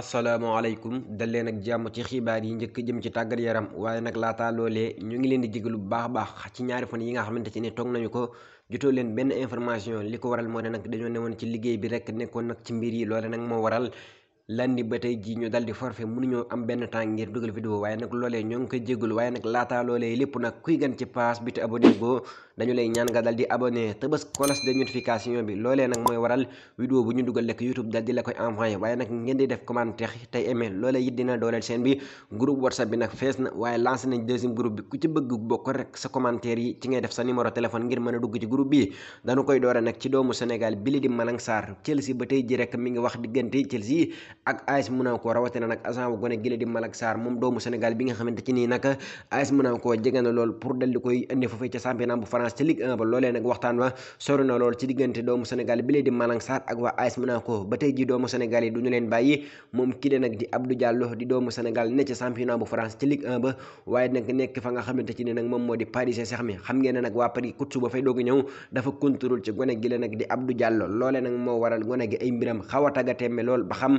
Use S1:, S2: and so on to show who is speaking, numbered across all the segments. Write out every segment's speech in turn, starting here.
S1: asalaamaaleykum dal leen ak jàmm ci xibaar yi njëkk jëm ci tàggat yaram waaye nag laataa loolee ñu ngi leen di jégalu bu baax baax ci ñaari fan yi nga xamante ci ne toog nañu ko jotoo leen benn information li ko waral moo ne nag dañoo newoon ci liggéey bi rek nekkoon nag ci mbir yi loole nag moo waral landi ba tey jii ñu dal di forfait ñoo am benn temps ngir dugal vidéo waaye nag loolee ñoo ngi koy jégalu waaye nag laataa loolee lépp nag kuy gën ci paas bi te abonné go dañu lay ñaan nga dal bi loolee nag mooy waral vidéo ñu dugal lekk YouTube dal di la koy envoyé waaye nag ngeen di def commentaire tey aimé loolee it dina dooleel seen bi groupe WhatsApp bi nag fees na waaye lancé nañ deuxième groupe bi ku ci bëgg bokk rek sa commentaire yi ci ngay def sa numéro téléphone ngir mën dugg ci groupe bi dañu koy doore nag ci doomu Sénégal bi li di Malang Sarr Chelsea ba tey ji rek mi ngi wax diggante Chelsea ak AS Monaco rawatina nag agent bu gone gile di Malick Sarr moom doomu bi nga xamante ci nii nag AS Monaco na lool pour dal di koy indi foofee ca championnat bu France ca Ligue 1 nag waxtaan wa sori na lool ci diggante Sénégal bi lee di Malick Sarr ak waa AS Monaco ba tey ji doomu Sénégal yi du ñu leen bàyyi moom kii de nag di Abdou doomu Sénégal ne ca championnat bu France nekk fa nga xamante ci nii nag moom moo di Paris Saint-Germain xam ngeen na nag waa Paris kutsu ba fay doogu ñëw dafa contrôle ci gone gile nag di Abdou Diallo loolee nag moo waral gone gi ay mbiram xaw a taggateeme lool ba xam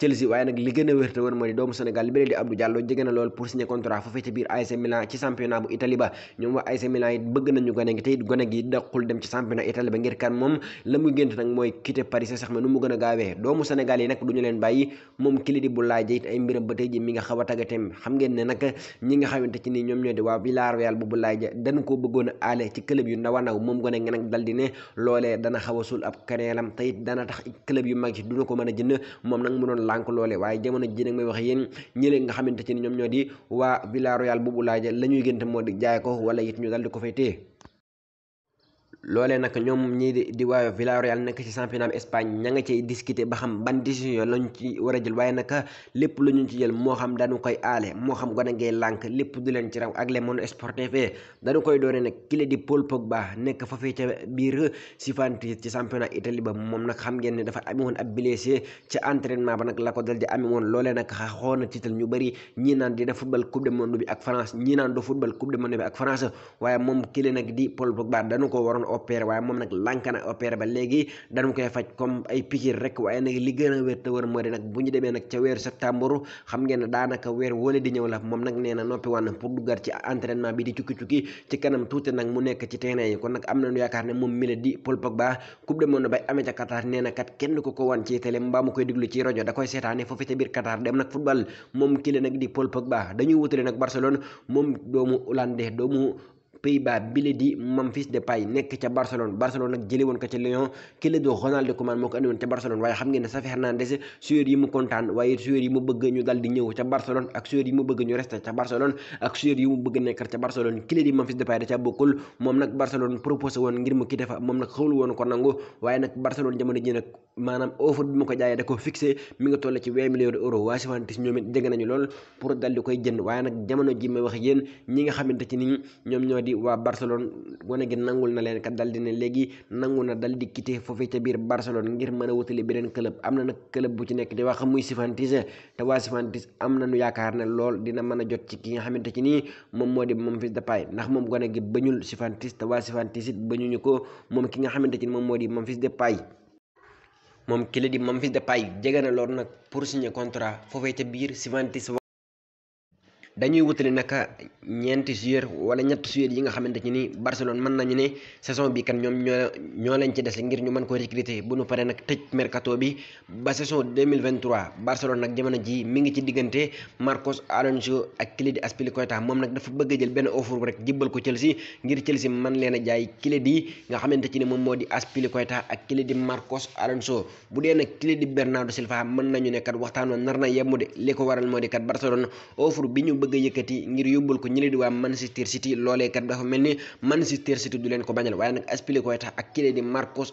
S1: Chelsea waaye nag li gën a wér te wër mooy doomu Sénégal bi di Abdou Diallo jege na lool pour signer contrat foofee nag mooy a gaawee doomu Sénégal yi nag duñu leen bàyyi moom kili di bu ne nag dana xaw suul ab kaneelam te dana tax club yu mag yi duñu ko mën a jënd moom nag mu doon lànk loole waaye jamono ji nag may wax yéen ñële nga xamante ci ni ñoom ñoo di waa Villarreal boobu laaja la ñuy gënte moo di jaay ko wala it ñu dal di ko fay téye loolee nag ñoom ñii di di waayo Villarreal nekk ci championnat Espagne ña nga cay ba xam ban décision lañ ci war a jël waaye nag lépp lu ci moo xam dañu koy aale moo xam gone ngay lànk lépp du leen ci raw ak Le Monde Sportif dañu koy doone nag kile di Paul Pogba nekk foofee ca biir Juventus ci championnat Italie ba moom nag xam ngeen ne dafa ami woon ab blessé ci entraînement ba nag la ko dal di ami woon loolee nag xaxoon na tiital ñu bëri ñii naan dina football coupe du monde bi ak France ñii naan du football coupe du monde bi ak France waaye opéré waaye moom nag lànk na ba léegi dañu koy faj comme ay piqûre rek waaye nag li gën a wér weer wóole moom nag nee noppi wan pour duggaat ci entraînement bi di cukki-cukki ci kanam tuuti nag mu nekk ci terrain yi kon nag am nañu yaakaar ne moom mi la di Paul Pogba coupe du monde bay amee ca Qatar nee kat kenn ko ko wan ci télé mbaa koy déglu ci rajo da koy seetaane foofu ca biir Qatar dem nag football moom kii nag di Paul Pogba dañuy Pays-Bas bile di Memphis Depay nekk ca Barcelone Barcelone nag jëlee woon ko ca Lyon kële do Ronald Koeman waaye xam ngeen ne Xavi Hernandez joueur yi mu kontaan waaye joueur yi mu bëgg ñu dal ñëw ca Barcelone ak joueur yi mu bëgg ñu resté ca Barcelone ak joueur yi mu bëgg nekk ca Barcelone kële di Memphis Depay da ca bokkul moom nag Barcelone proposé woon ngir mu quitté fa moom nag xawlu woon ko nangu waaye nag Barcelone jamono ji nag maanaam di waa Barcelone gone gi nangul na leen kat dal ne léegi nangu na dal di foofee ca biir Barcelone ngir mën a wutali beneen club am na nag club bu ci nekk di wax muy Sifantis te waa Sifantis am nañu yaakaar ne lool a ki nga xamante ci nii moom moo di Memphis Depay ndax moom gone di Memphis Depay moom jege na lool nag pour signer contrat foofee ca biir Sifantis dañuy wutali naka ñeenti joueur wala ñetti joueur yi nga xamante ni Barcelone mën nañu ne saison bi kan ñoom ñoo ñoo leen ci des ngir ñu man ko recruter bu nu paree nag tëj mercato bi ba saison 2023 Barcelone nag jamono ji mi ngi ci diggante Marcos Alonso ak kii di Azpilicueta moom nag dafa bëgg a jël benn offre rek jibbal ko Chelsea ngir Chelsea mën leen jaay kii di nga xamante ci ne moom moo di Azpilicueta ak kii di Marcos Alonso bu dee nag kii di Bernardo Silva mën nañu ne kat waxtaanoo nar na yemu de li ko waral moo di kat Barcelone offre bi ñu bëgg bëgg a yëkkati ngir yóbbul ko ñi di waa Manchester ko bañal waaye nag Azpilicueta tax ak kii di Marcos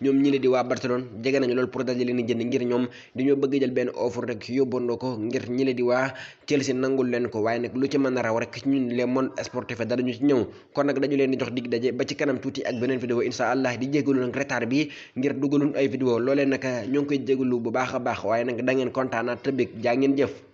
S1: ñoom di waa bëgg jël benn offre rek yóbbandoo ko ngir le monde ñëw kon nag dañu leen di jox dig daje ba ci kanam tuuti ak beneen vidéo incha allah di jégalu nag retard bi ngir dugalun ay vidéo loolee nag ñoo ngi koy jégalu bu baax a baax waaye nag da ngeen kontaan jaa ngeen jëf